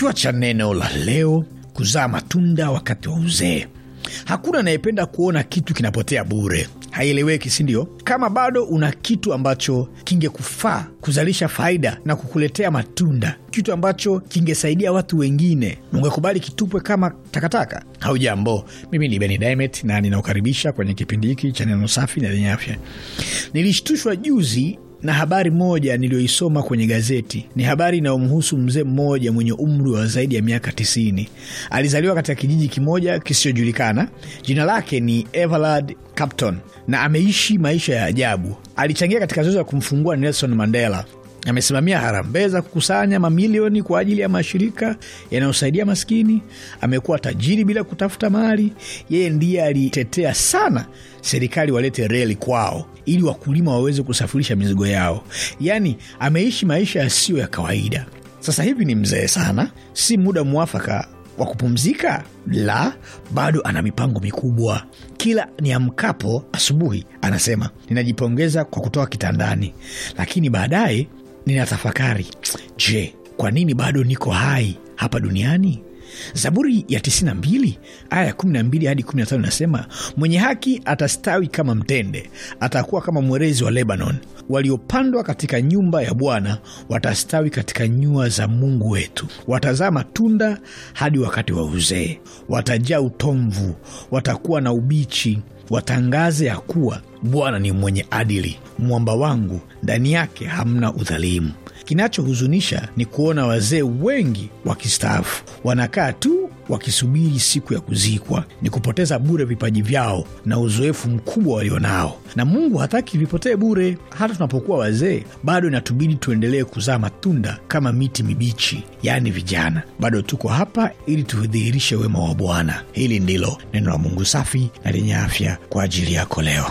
Kichwa cha neno la leo: kuzaa matunda wakati wa uzee. Hakuna anayependa kuona kitu kinapotea bure. Haieleweki, si ndio? Kama bado una kitu ambacho kingekufaa kuzalisha faida na kukuletea matunda, kitu ambacho kingesaidia watu wengine, ungekubali kitupwe kama takataka? Haujambo, mimi ni Beni Dimet na ninaokaribisha kwenye kipindi hiki cha neno safi na lenye afya. Nilishtushwa juzi na habari moja niliyoisoma kwenye gazeti ni habari inayomhusu mzee mmoja mwenye umri wa zaidi ya miaka 90. Alizaliwa katika kijiji kimoja kisichojulikana. Jina lake ni Everard Capton na ameishi maisha ya ajabu. Alichangia katika zoezi la kumfungua Nelson Mandela Amesimamia harambee za kukusanya mamilioni kwa ajili ya mashirika yanayosaidia maskini. Amekuwa tajiri bila kutafuta mali. Yeye ndiye alitetea sana serikali walete reli kwao ili wakulima waweze kusafirisha mizigo yao. Yaani ameishi maisha yasiyo ya kawaida. Sasa hivi ni mzee sana, si muda mwafaka wa kupumzika? La, bado ana mipango mikubwa. Kila niamkapo asubuhi anasema, ninajipongeza kwa kutoka kitandani, lakini baadaye ninatafakari, je, kwa nini bado niko hai hapa duniani? Zaburi ya 92 aya ya 12 hadi 15 inasema, mwenye haki atastawi kama mtende, atakuwa kama mwerezi wa Lebanon. Waliopandwa katika nyumba ya Bwana watastawi katika nyua za Mungu wetu. Watazaa matunda hadi wakati wa uzee, watajaa utomvu, watakuwa na ubichi, watangaze ya kuwa Bwana ni mwenye adili, mwamba wangu, ndani yake hamna udhalimu. Kinachohuzunisha ni kuona wazee wengi wakistaafu, wanakaa tu wakisubiri siku ya kuzikwa ni kupoteza bure vipaji vyao na uzoefu mkubwa walionao, na Mungu hataki vipotee bure. Hata tunapokuwa wazee, bado inatubidi tuendelee kuzaa matunda kama miti mibichi, yaani vijana. Bado tuko hapa ili tudhihirishe wema wa Bwana. Hili ndilo neno la Mungu safi na lenye afya kwa ajili yako leo.